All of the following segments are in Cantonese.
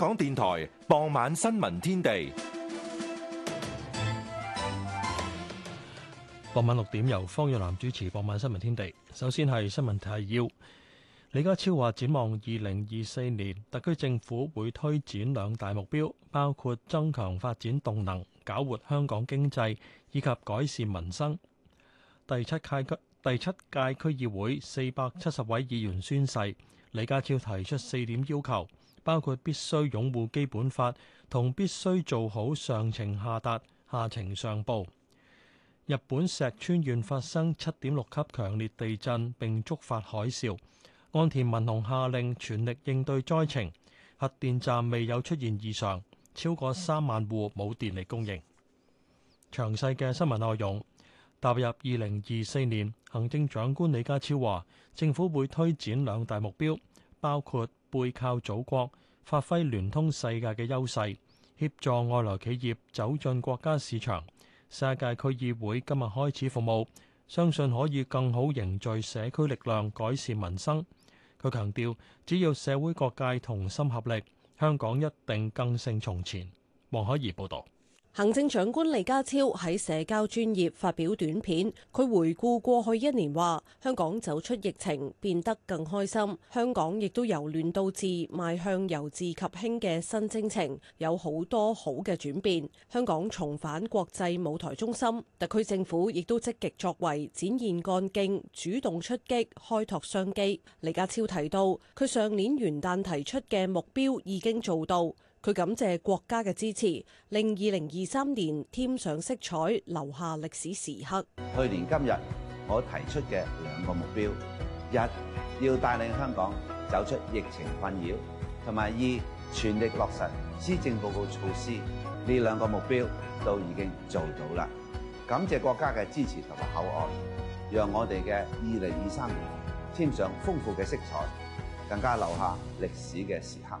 港電台傍晚新聞天地，傍晚六點由方若男主持。傍晚新聞天地，首先係新聞提要。李家超話展望二零二四年，特區政府會推展兩大目標，包括增強發展動能、搞活香港經濟以及改善民生。第七屆區第七屆區議會四百七十位議員宣誓，李家超提出四點要求。包括必須擁護基本法，同必須做好上情下達、下情上報。日本石川縣發生七點六級強烈地震並觸發海嘯，岸田文雄下令全力應對災情。核電站未有出現異常，超過三萬戶冇電力供應。詳細嘅新聞內容，踏入二零二四年，行政長官李家超話，政府會推展兩大目標，包括，背靠祖國，發揮聯通世界嘅優勢，協助外來企業走進國家市場。世界區議會今日開始服務，相信可以更好凝聚社區力量，改善民生。佢強調，只要社會各界同心合力，香港一定更勝從前。黃海怡報道。行政長官李家超喺社交專業發表短片，佢回顧過去一年話：香港走出疫情，變得更開心；香港亦都由亂到治，邁向由治及興嘅新征程，有好多好嘅轉變。香港重返國際舞台中心，特區政府亦都積極作為，展現幹勁，主動出擊，開拓商機。李家超提到，佢上年元旦提出嘅目標已經做到。佢感謝國家嘅支持，令二零二三年添上色彩，留下歷史時刻。去年今日，我提出嘅兩個目標，一要帶領香港走出疫情困擾，同埋二全力落實施政報告措施。呢兩個目標都已經做到啦。感謝國家嘅支持同埋厚愛，讓我哋嘅二零二三年添上豐富嘅色彩，更加留下歷史嘅時刻。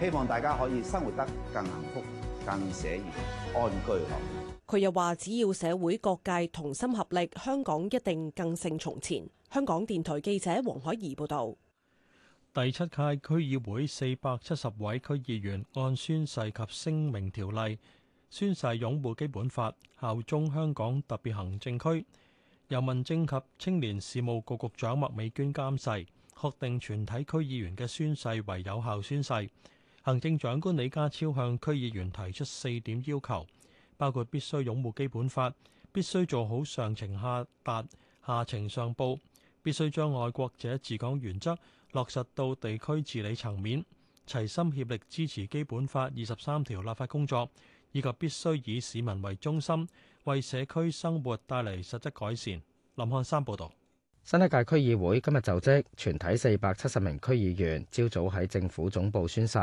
希望大家可以生活得更幸福、更寫意、安居樂業。佢又話：只要社會各界同心合力，香港一定更勝從前。香港電台記者黃海怡報導。第七屆區議會四百七十位區議員按宣誓及聲明條例宣誓擁護基本法、效忠香港特別行政區。由民政及青年事務局局長麥美娟監誓，確定全體區議員嘅宣誓為有效宣誓。行政長官李家超向區議員提出四點要求，包括必須擁護基本法，必須做好上情下達、下情上報，必須將愛國者治港原則落實到地區治理層面，齊心協力支持基本法二十三條立法工作，以及必須以市民為中心，為社區生活帶嚟實質改善。林漢山報導。新一屆區議會今日就職，全體四百七十名區議員朝早喺政府總部宣誓。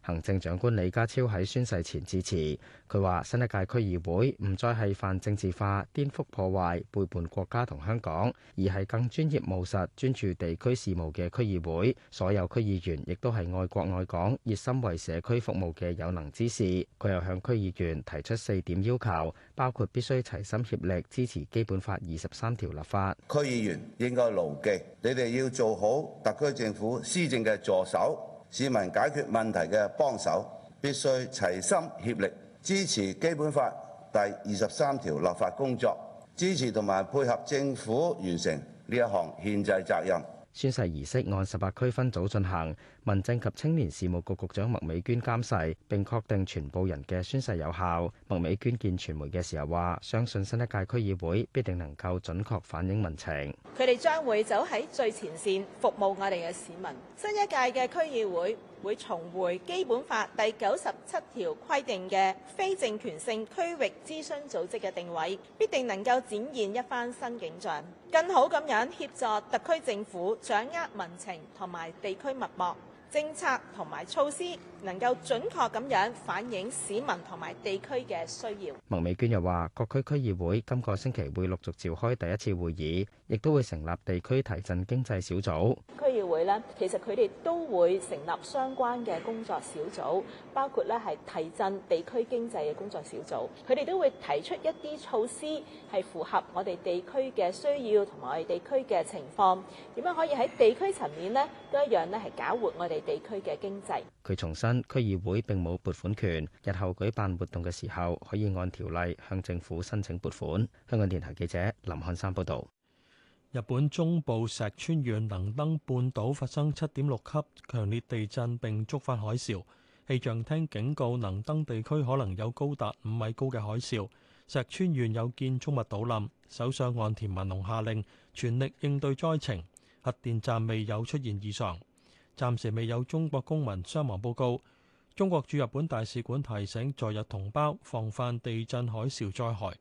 行政長官李家超喺宣誓前致辭，佢話新一屆區議會唔再係泛政治化、顛覆破壞、背叛國家同香港，而係更專業務實、專注地區事務嘅區議會。所有區議員亦都係愛國愛港、熱心為社區服務嘅有能之士。佢又向區議員提出四點要求，包括必須齊心協力支持基本法二十三條立法。區議員。應該牢記，你哋要做好特區政府施政嘅助手，市民解決問題嘅幫手，必須齊心協力，支持基本法第二十三條立法工作，支持同埋配合政府完成呢一項憲制責任。宣誓儀式按十八區分組進行，民政及青年事務局局長麥美娟監誓，並確定全部人嘅宣誓有效。麥美娟見傳媒嘅時候話，相信新一屆區議會必定能夠準確反映民情，佢哋將會走喺最前線服務我哋嘅市民。新一屆嘅區議會，會重回《基本法》第九十七條規定嘅非政權性區域諮詢組織嘅定位，必定能夠展現一番新景象，更好咁樣協助特區政府掌握民情同埋地區脈搏、政策同埋措施，能夠準確咁樣反映市民同埋地區嘅需要。麥美娟又話，各區區議會今個星期會陸續召開第一次會議，亦都會成立地區提振經濟小組。區議會呢，其實佢哋都會成立相關嘅工作小組，包括呢係提振地區經濟嘅工作小組。佢哋都會提出一啲措施，係符合我哋地區嘅需要同埋我哋地區嘅情況。點樣可以喺地區層面呢都一樣呢，係搞活我哋地區嘅經濟。佢重申，區議會並冇撥款權，日後舉辦活動嘅時候可以按條例向政府申請撥款。香港電台記者林漢山報導。日本中部石川縣能登半島發生七點六級強烈地震並觸發海嘯，氣象廳警告能登地區可能有高達五米高嘅海嘯。石川縣有建築物倒冧，首相岸田文雄下令全力應對災情，核電站未有出現異常。暫時未有中國公民傷亡報告。中國駐日本大使館提醒在日同胞防範地震海嘯災害。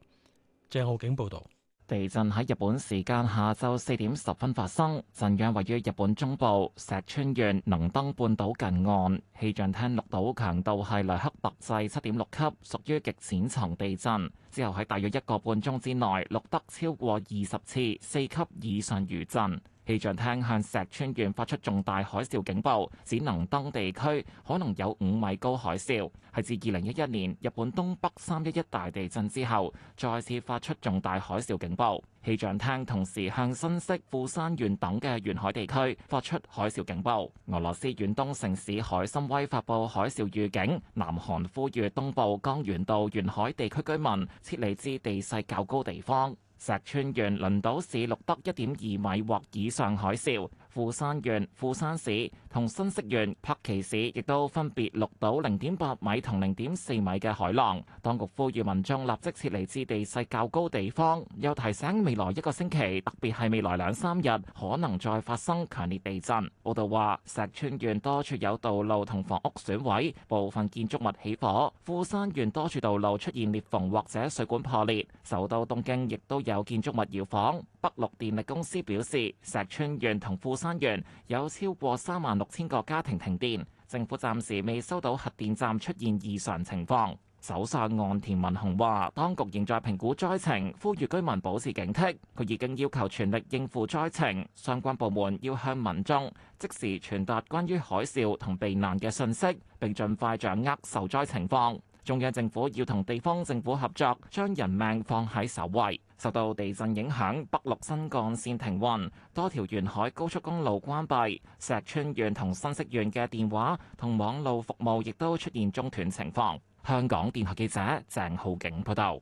鄭浩景報導。地震喺日本時間下晝四點十分發生，震央位於日本中部石川縣能登半島近岸。氣象廳錄到強度係黎克特制七點六級，屬於極淺層地震。之後喺大約一個半鐘之內錄得超過二十次四級以上餘震。氣象廳向石川縣發出重大海嘯警報，只能登地區可能有五米高海嘯，係自二零一一年日本東北三一一大地震之後，再次發出重大海嘯警報。氣象廳同時向新潟、富山縣等嘅沿海地區發出海嘯警報。俄羅斯遠東城市海參崴發布海嘯預警，南韓呼籲東部江原道沿海地區居民撤離至地勢較高地方。石川縣、輪島市錄得一點二米或以上海嘯。富山縣、富山市同新潟縣、柏崎市亦都分別錄到零點八米同零點四米嘅海浪，當局呼籲民眾立即撤離至地勢較高地方，又提醒未來一個星期，特別係未來兩三日，可能再發生強烈地震。報道話，石川縣多處有道路同房屋損毀，部分建築物起火；富山縣多處道路出現裂縫或者水管破裂，首都東京亦都有建築物搖晃。北陸電力公司表示，石川縣同富山縣有超過三萬六千個家庭停電。政府暫時未收到核電站出現異常情況。首相岸田文雄話，當局仍在評估災情，呼籲居民保持警惕。佢已經要求全力應付災情，相關部門要向民眾即時傳達關於海嘯同避難嘅訊息，並盡快掌握受災情況。中央政府要同地方政府合作，將人命放喺首位。受到地震影響，北陸新幹線停運，多條沿海高速公路關閉，石川縣同新潟縣嘅電話同網路服務亦都出現中斷情況。香港電台記者鄭浩景報道。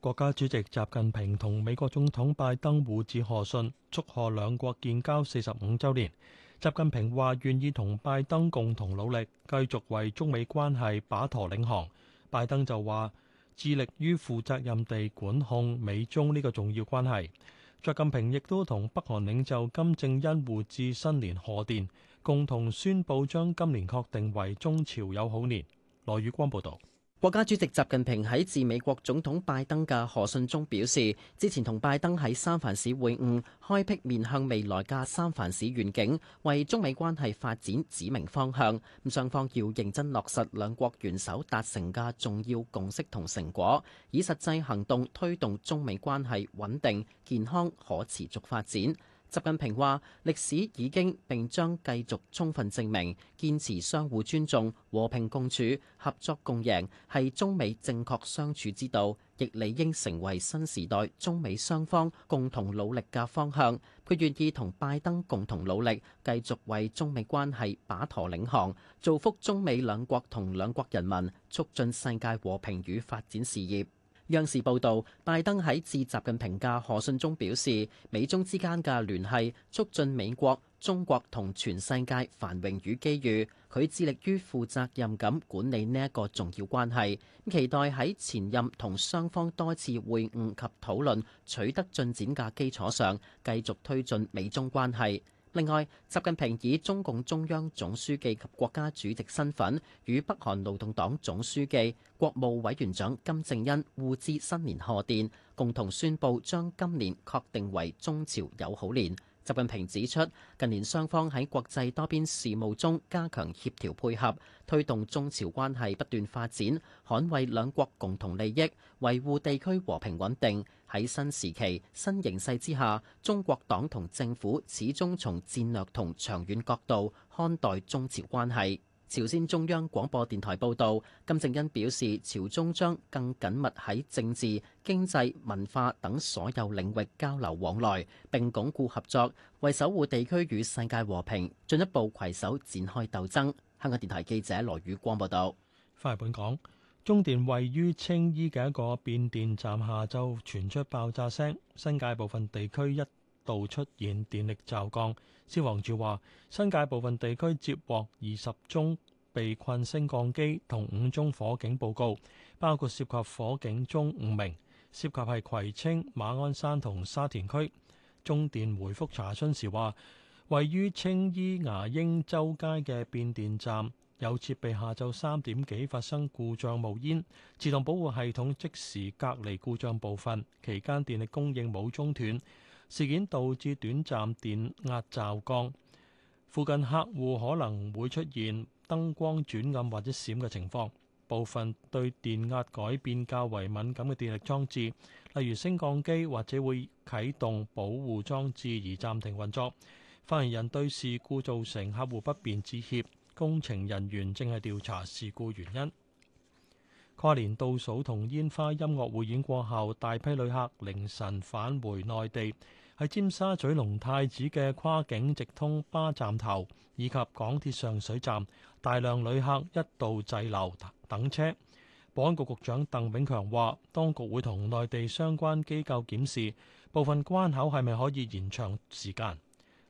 國家主席習近平同美國總統拜登互致賀信，祝賀兩國建交四十五週年。習近平話：願意同拜登共同努力，繼續為中美關係把舵領航。拜登就話致力於負責任地管控美中呢個重要關係。習近平亦都同北韓領袖金正恩互致新年賀電，共同宣佈將今年確定為中朝友好年。羅宇光報道。國家主席習近平喺致美國總統拜登嘅賀信中表示，之前同拜登喺三藩市會晤，開闢面向未來嘅三藩市願景，為中美關係發展指明方向。咁雙方要認真落實兩國元首達成嘅重要共識同成果，以實際行動推動中美關係穩定、健康、可持續發展。習近平話：歷史已經並將繼續充分證明，堅持相互尊重、和平共處、合作共贏，係中美正確相處之道，亦理應成為新時代中美雙方共同努力嘅方向。佢願意同拜登共同努力，繼續為中美關係把舵領航，造福中美兩國同兩國人民，促進世界和平與發展事業。央視報導，拜登喺致習近平嘅賀信中表示，美中之間嘅聯繫促進美國、中國同全世界繁榮與機遇。佢致力於負責任噉管理呢一個重要關係，期待喺前任同雙方多次會晤及討論取得進展嘅基礎上，繼續推進美中關係。另外，習近平以中共中央總書記及國家主席身份，與北韓勞動黨總書記、國務委員長金正恩互致新年賀電，共同宣布將今年確定為中朝友好年。習近平指出，近年雙方喺國際多邊事務中加強協調配合，推動中朝關係不斷發展，捍衛兩國共同利益，維護地區和平穩定。喺新時期、新形勢之下，中國黨同政府始終從戰略同長遠角度看待中朝關係，朝鮮中央廣播電台報道，金正恩表示，朝中將更緊密喺政治、經濟、文化等所有領域交流往來，並鞏固合作，為守護地區與世界和平，進一步携手展開鬥爭。香港電台記者羅宇光報道。返嚟本港。中電位於青衣嘅一個變電站，下晝傳出爆炸聲，新界部分地區一度出現電力驟降。消防處話，新界部分地區接獲二十宗被困升降機同五宗火警報告，包括涉及火警中五名，涉及係葵青、馬鞍山同沙田區。中電回覆查詢時話，位於青衣牙鷹洲街嘅變電站。有設備下晝三點幾發生故障冒煙，自動保護系統即時隔離故障部分，期間電力供應冇中斷。事件導致短暫電壓驟降，附近客戶可能會出現燈光轉暗或者閃嘅情況。部分對電壓改變較為敏感嘅電力裝置，例如升降機，或者會啟動保護裝置而暫停運作。發言人對事故造成客戶不便致歉。工程人員正係調查事故原因。跨年倒數同煙花音樂匯演過後，大批旅客凌晨返回內地，喺尖沙咀龍太子嘅跨境直通巴站頭以及港鐵上水站，大量旅客一度滯留等車。保安局局長鄧炳強話，當局會同內地相關機構檢視部分關口係咪可以延長時間。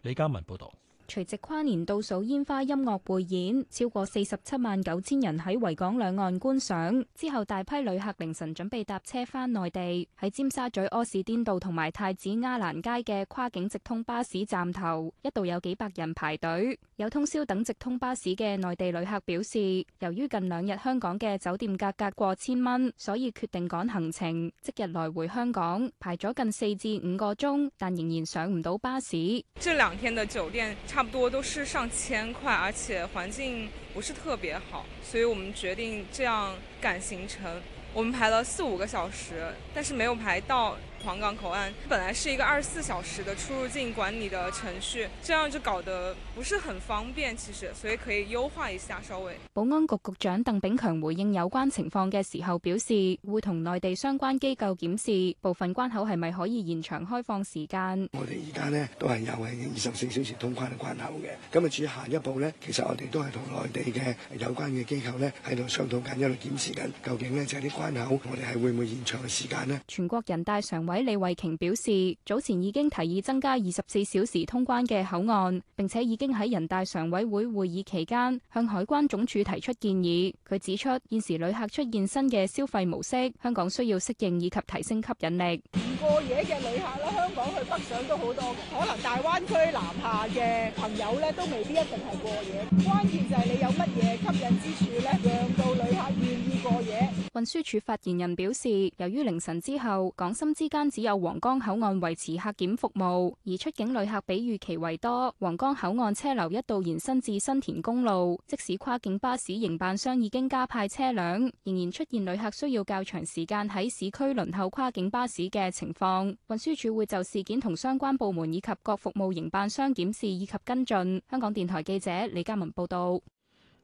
李嘉文報導。除夕跨年倒數煙花音樂匯演，超過四十七萬九千人喺維港兩岸觀賞。之後大批旅客凌晨準備搭車返內地，喺尖沙咀柯士甸道同埋太子亞蘭街嘅跨境直通巴士站頭，一度有幾百人排隊。有通宵等直通巴士嘅內地旅客表示，由於近兩日香港嘅酒店價格，格過千蚊，所以決定趕行程，即日來回香港。排咗近四至五個鐘，但仍然上唔到巴士。這兩天嘅酒店。差不多都是上千塊，而且環境不是特別好，所以我們決定這樣趕行程。我們排了四五個小時，但是沒有排到。黃港口岸本來是一個二十四小時的出入境管理的程序，這樣就搞得不是很方便，其實，所以可以優化一下。所謂保安局局長鄧炳強回應有關情況嘅時候表示，會同內地相關機構檢視部分關口係咪可以延長開放時間。我哋而家咧都係有係二十四小時通關嘅關口嘅，咁啊至於行一步咧，其實我哋都係同內地嘅有關嘅機構咧喺度商討緊一路檢視緊，究竟咧就係啲關口我哋係會唔會延長嘅時間咧？全國人大上。委李慧瓊表示，早前已經提議增加二十四小時通關嘅口岸，並且已經喺人大常委會會議期間向海關總署提出建議。佢指出，現時旅客出現新嘅消費模式，香港需要適應以及提升吸引力。唔過夜嘅旅客啦，香港去北上都好多，可能大灣區南下嘅朋友咧都未必一定係過夜。關鍵就係你有乜嘢吸引之處咧，讓到旅客願意過夜。運輸署發言人表示，由於凌晨之後港深之間單只有皇崗口岸維持客檢服務，而出境旅客比預期為多。皇崗口岸車流一度延伸至新田公路，即使跨境巴士營辦商已經加派車輛，仍然出現旅客需要較長時間喺市區輪候跨境巴士嘅情況。運輸署會就事件同相關部門以及各服務營辦商檢視以及跟進。香港電台記者李嘉文報道。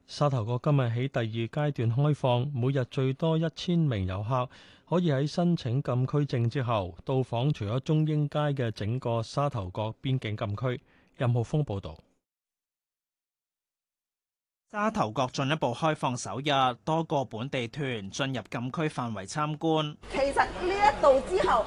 沙頭角今日起第二階段開放，每日最多一千名遊客可以喺申請禁區證之後到訪，除咗中英街嘅整個沙頭角邊境禁區。任浩峰報道。沙頭角進一步開放首日，多個本地團進入禁區範圍參觀。其實呢一度之後。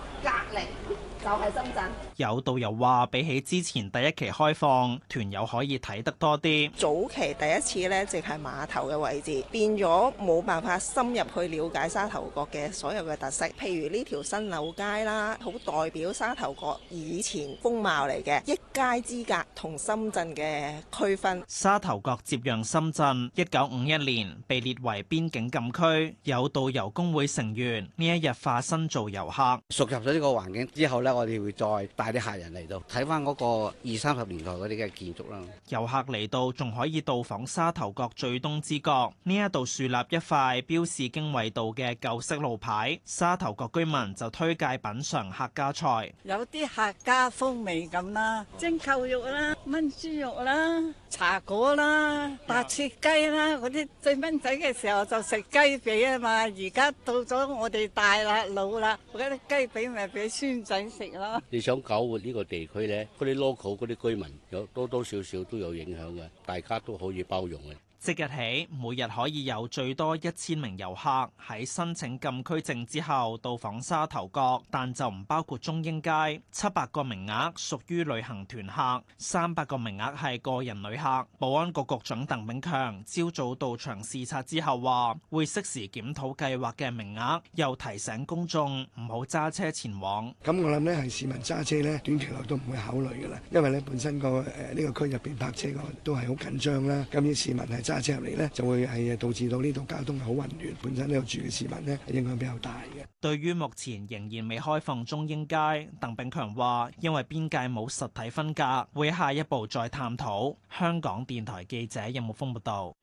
就喺深圳，有導遊話比起之前第一期開放，團友可以睇得多啲。早期第一次咧，淨係碼頭嘅位置，變咗冇辦法深入去了解沙頭角嘅所有嘅特色，譬如呢條新樓街啦，好代表沙頭角以前風貌嚟嘅一街之隔，同深圳嘅區分。沙頭角接壤深圳，一九五一年被列為邊境禁區。有導遊工會成員呢一日化身做遊客，熟入咗呢個環境之後咧。我哋會再帶啲客人嚟到睇翻嗰個二三十年代嗰啲嘅建築啦。遊客嚟到仲可以到訪沙頭角最東之角，呢一度樹立一塊標示經緯度嘅舊式路牌。沙頭角居民就推介品嘗客家菜，有啲客家風味咁啦，蒸扣肉啦，炆豬肉啦。茶果啦，白切雞啦，嗰啲細蚊仔嘅時候就食雞髀啊嘛，而家到咗我哋大啦老啦，嗰啲雞髀咪俾孫仔食咯。你想搞活呢個地區咧，嗰啲 local 嗰啲居民有多多少少都有影響嘅，大家都可以包容嘅。即日起，每日可以有最多一千名遊客喺申請禁區證之後到訪沙頭角，但就唔包括中英街。七百個名額屬於旅行團客，三百個名額係個人旅客。保安局局長鄧炳強朝早到場視察之後話，會適時檢討計劃嘅名額，又提醒公眾唔好揸車前往。咁我諗咧係市民揸車咧，短期內都唔會考慮噶啦，因為咧本身個誒呢個區入邊泊車個都係好緊張啦。咁啲市民係揸車入嚟呢就會係導致到呢度交通好混亂，本身呢度住嘅市民呢影響比較大嘅。對於目前仍然未開放中英街，鄧炳強話因為邊界冇實體分隔，會下一步再探討。香港電台記者任木峰報道，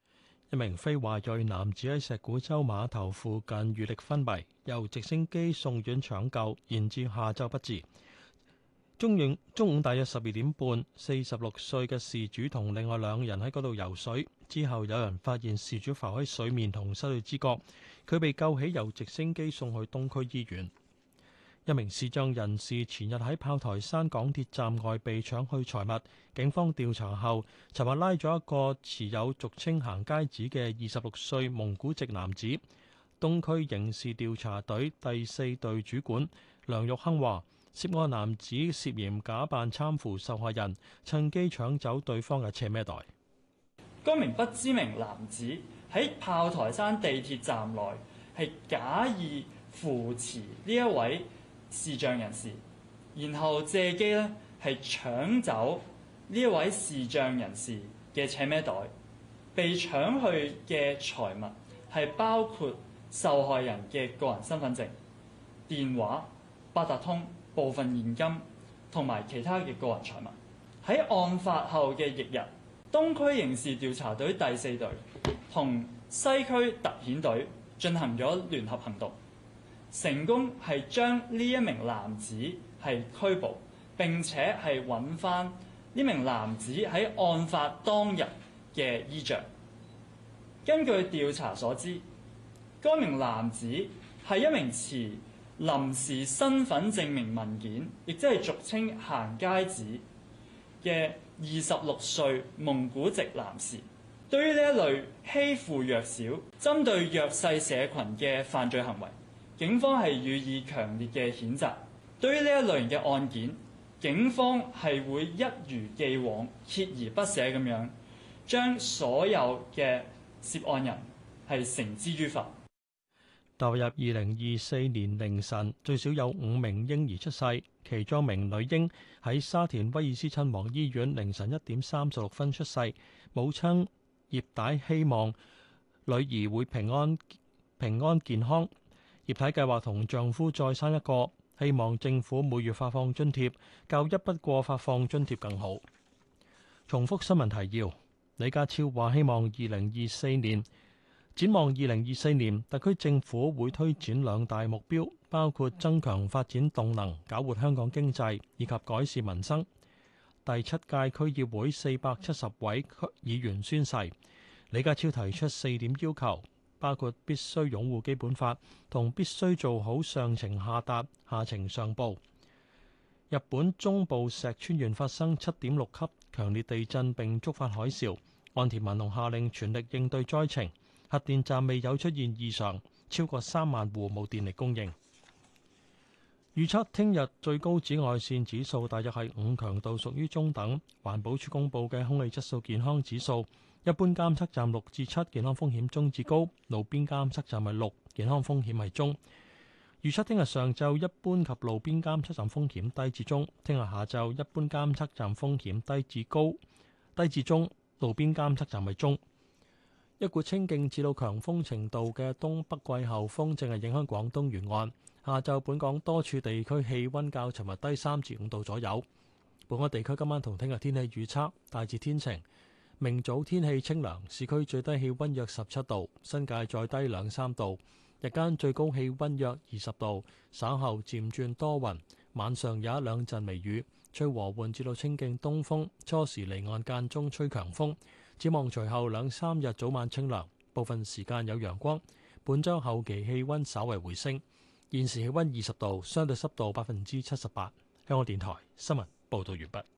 一名非華裔男子喺石鼓洲碼頭附近遇溺昏迷，由直升機送院搶救，延至下晝不治。中影中午大約十二點半，四十六歲嘅事主同另外兩人喺嗰度游水，之後有人發現事主浮喺水面，同失去知覺，佢被救起，由直升機送去東區醫院。一名視障人士前日喺炮台山港鐵站外被搶去財物，警方調查後，尋日拉咗一個持有俗稱行街紙嘅二十六歲蒙古籍男子。東區刑事調查隊第四隊主管梁玉亨話。涉案男子涉嫌假扮攙扶受害人，趁機搶走對方嘅車咩袋。該名不知名男子喺炮台山地鐵站內係假意扶持呢一位視障人士，然後借機咧係搶走呢一位視障人士嘅車咩袋。被搶去嘅財物係包括受害人嘅個人身份證、電話、八達通。部分現金同埋其他嘅個人財物。喺案發後嘅翌日，東區刑事調查隊第四隊同西區特遣隊進行咗聯合行動，成功係將呢一名男子係拘捕，並且係揾翻呢名男子喺案發當日嘅衣着。根據調查所知，該名男子係一名持臨時身份證明文件，亦即係俗稱行街紙嘅二十六歲蒙古籍男士，對於呢一類欺負弱小、針對弱勢社群嘅犯罪行為，警方係予以強烈嘅譴責。對於呢一類型嘅案件，警方係會一如既往、鍥而不捨咁樣，將所有嘅涉案人係繩之於法。踏入二零二四年凌晨，最少有五名嬰兒出世，其中一名女嬰喺沙田威爾斯親王醫院凌晨一點三十六分出世。母親葉太希望女兒會平安平安健康。葉太計劃同丈夫再生一個，希望政府每月發放津貼較一筆過發放津貼更好。重複新聞提要，李家超話希望二零二四年。展望二零二四年，特區政府會推展兩大目標，包括增強發展動能、搞活香港經濟以及改善民生。第七屆區議會四百七十位區議員宣誓，李家超提出四點要求，包括必須擁護基本法，同必須做好上情下達、下情上報。日本中部石川縣發生七點六級強烈地震，並觸發海嘯，岸田文雄下令全力應對災情。核電站未有出現異常，超過三萬戶冇電力供應。預測聽日最高紫外線指數大約係五強度，屬於中等。環保署公佈嘅空氣質素健康指數，一般監測站六至七，健康風險中至高，路邊監測站係六，健康風險係中。預測聽日上晝一般及路邊監測站風險低至中，聽日下晝一般監測站風險低至高，低至中，路邊監測站係中。一股清勁至到強風程度嘅東北季候風正係影響廣東沿岸，下晝本港多處地區氣温較尋日低三至五度左右。本港地區今晚同聽日天氣預測，大致天晴，明早天氣清涼，市區最低氣温約十七度，新界再低兩三度，日間最高氣温約二十度，稍後漸轉多雲，晚上有一兩陣微雨，吹和緩至到清勁東風，初時離岸間中吹強風。展望隨後兩三日早晚清涼，部分時間有陽光。本週後期氣温氣溫稍為回升，現時氣温氣溫二十度，相對濕度百分之七十八。香港電台新聞報道完畢。